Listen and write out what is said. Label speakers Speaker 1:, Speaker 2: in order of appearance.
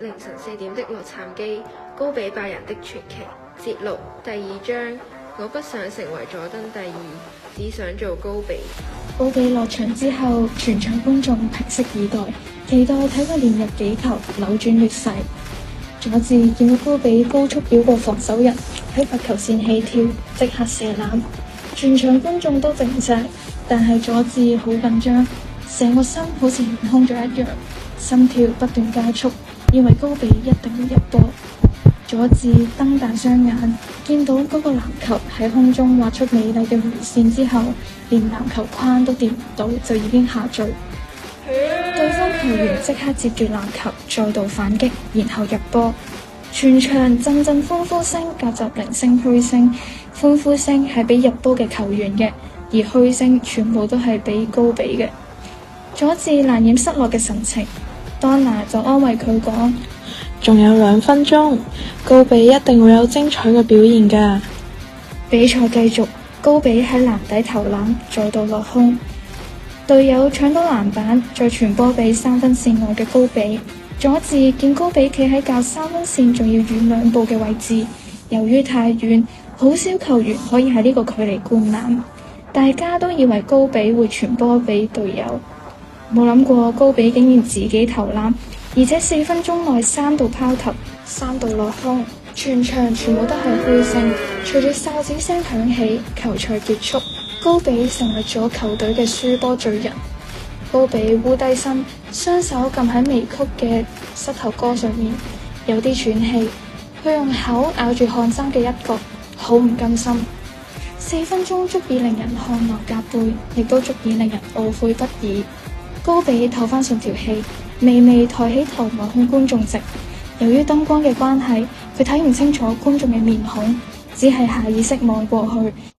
Speaker 1: 凌晨四點的洛杉磯，高比拜仁的傳奇。節錄第二章，我不想成為佐敦第二，只想做高比。高比落場之後，全場觀眾屏息以待，期待睇佢連入幾球扭轉劣勢。佐治見到高比高速繞過防守人，喺罰球線起跳即刻射籃，全場觀眾都靜晒。但係佐治好緊張，成個心好似空咗一樣，心跳不斷加速。以為高比一定要入波，佐治瞪大雙眼，見到嗰個籃球喺空中畫出美麗嘅弧線之後，連籃球框都掂唔到，就已經下墜。Hey! 對方球員即刻接住籃球，再度反擊，然後入波。全場陣陣歡呼聲夾雜零星噓聲，歡呼聲係俾入波嘅球員嘅，而噓聲全部都係俾高比嘅。佐治難掩失落嘅神情。Donna 就安慰佢講：仲有兩分鐘，高比一定會有精彩嘅表現噶。比賽繼續，高比喺籃底投籃，再度落空。隊友搶到籃板，再傳波俾三分線外嘅高比。佐治見高比企喺較三分線，仲要遠兩步嘅位置，由於太遠，好少球員可以喺呢個距離灌籃。大家都以為高比會傳波俾隊友。冇諗過高比竟然自己投籃，而且四分鐘內三度拋投，三度落空，全場全部都係噓聲。隨着哨子聲響起，球賽結束，高比成為咗球隊嘅輸波罪人。高比烏低身，雙手撳喺微曲嘅膝頭哥上面，有啲喘氣。佢用口咬住汗衫嘅一角，好唔甘心。四分鐘足以令人汗流浹背，亦都足以令人懊悔不已。高比唞返上條氣，微微抬起頭望向觀眾席。由於燈光嘅關係，佢睇唔清楚觀眾嘅面孔，只係下意識望過去。